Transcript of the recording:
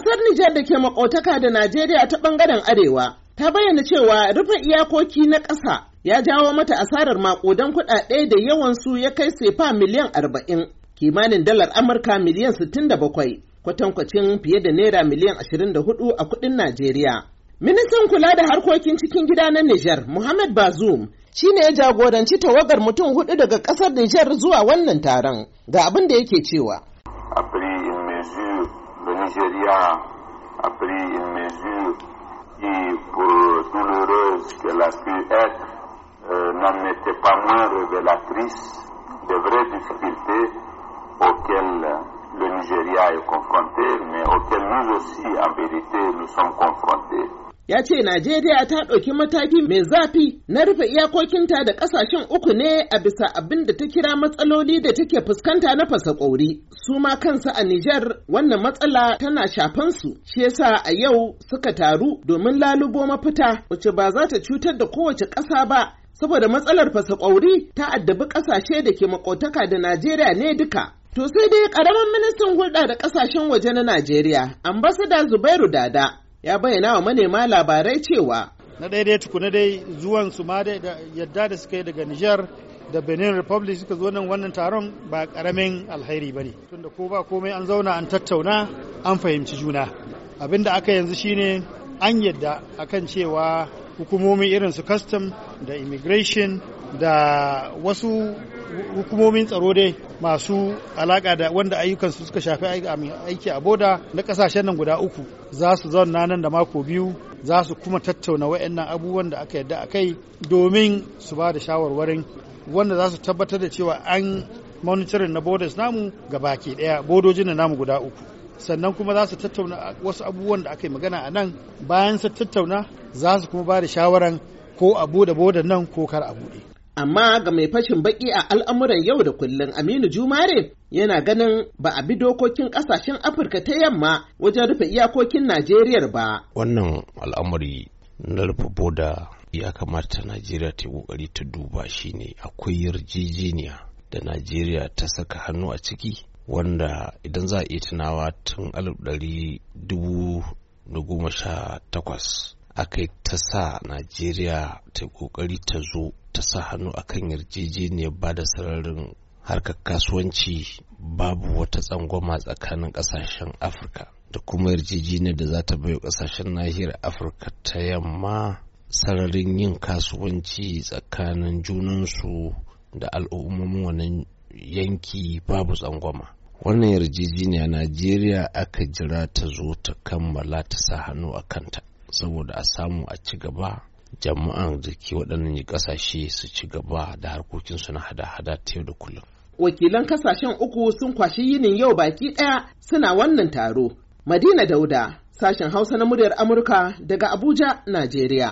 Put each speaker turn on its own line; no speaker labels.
Ƙasar Nijar da ke makotaka da Najeriya ta ɓangaren Arewa ta bayyana cewa rufe iyakoki na ƙasa ya jawo mata asarar maƙudan kuɗaɗe da yawan su ya kai sefa miliyan arba'in, kimanin dalar Amurka miliyan sittin da bakwai, kwatankwacin fiye da naira miliyan ashirin da hudu a kuɗin Najeriya. Ministan kula da harkokin cikin gida na Nijar, Muhammad Bazoum, shi ne ya jagoranci tawagar mutum hudu daga ƙasar Nijar zuwa wannan taron. Ga abin da yake cewa.
Nigeria a pris une mesure qui, pour douloureuse qu'elle a pu être, euh, n'en était pas moins révélatrice des vraies difficultés auxquelles le Nigeria est confronté, mais auxquelles nous aussi, en vérité, nous sommes confrontés.
ya ce Najeriya ta ɗauki mataki mai zafi na rufe iyakokinta da ƙasashen uku ne a bisa abin da ta kira matsaloli da take fuskanta na fasa ƙauri. Su ma kansu a Nijar wannan matsala tana shafan su, shi yasa a yau suka taru domin lalubo mafita wacce ba za ta cutar da kowace ƙasa ba saboda matsalar fasa ƙauri ta addabi ƙasashe da ke makotaka da Najeriya ne duka. To sai dai ƙaramin ministan hulɗa da ƙasashen waje na Najeriya, ambasada Zubairu Dada, ya bayyana wa manema labarai cewa
na ɗaya dai tukuna dai zuwan su ma da yadda da suka yi daga Nijar da Benin Republic suka zo nan wannan taron ba karamin alheri ba ne tunda ko ba komai an zauna an tattauna an fahimci juna abin da aka yanzu shine an yadda akan cewa hukumomi irin su custom da immigration da wasu hukumomin tsaro dai masu alaƙa da wanda su suka shafi aiki a boda na ƙasashen nan guda uku za su zauna nan da mako biyu za su kuma tattauna waɗannan abubuwan da aka yadda a kai domin su ba da shawarwarin wanda za su tabbatar da cewa an monitoring na borders namu ga baki ɗaya bodojin na namu guda uku sannan kuma za su tattauna wasu abubuwan da aka yi magana a nan bayan su tattauna za su kuma ba da shawaran ko a bude bodan nan ko kar a bude Amma ga mai fashin baki a al'amuran yau da kullum
Aminu Jumare yana ganin ba a bi dokokin kasashen Afirka ta yamma wajen rufe iyakokin Najeriya ba.
Wannan al'amari na rufe boda ya kamata Najeriya ta yi kokari ta duba shi ne akwai yarjejeniya da Najeriya ta saka hannu a ciki wanda idan za a iya tunawa tun alif ɗari dubu sha takwas aka ta sa najeriya ta kokari ta zo ta sa hannu akan yarjejeniyar ba da sararin harkar kasuwanci babu wata tsangwama tsakanin kasashen afirka da kuma yarjejeniyar da za ta baiwa kasashen nahiyar afirka ta yamma sararin yin kasuwanci tsakanin junansu da al'ummomin wannan yanki babu tsangwama wannan yarjejeniya najeriya aka jira ta zo ta kammala ta sa hannu a kanta saboda a samu a ci gaba jama'an da ke waɗannan ƙasashe su ci gaba da harkokinsu na hada-hada ta yau da kullum.
Wakilan kasashen uku sun kwashi yinin yau baki ɗaya suna wannan taro. Madina Dauda, sashen Hausa na muryar Amurka daga Abuja, Najeriya.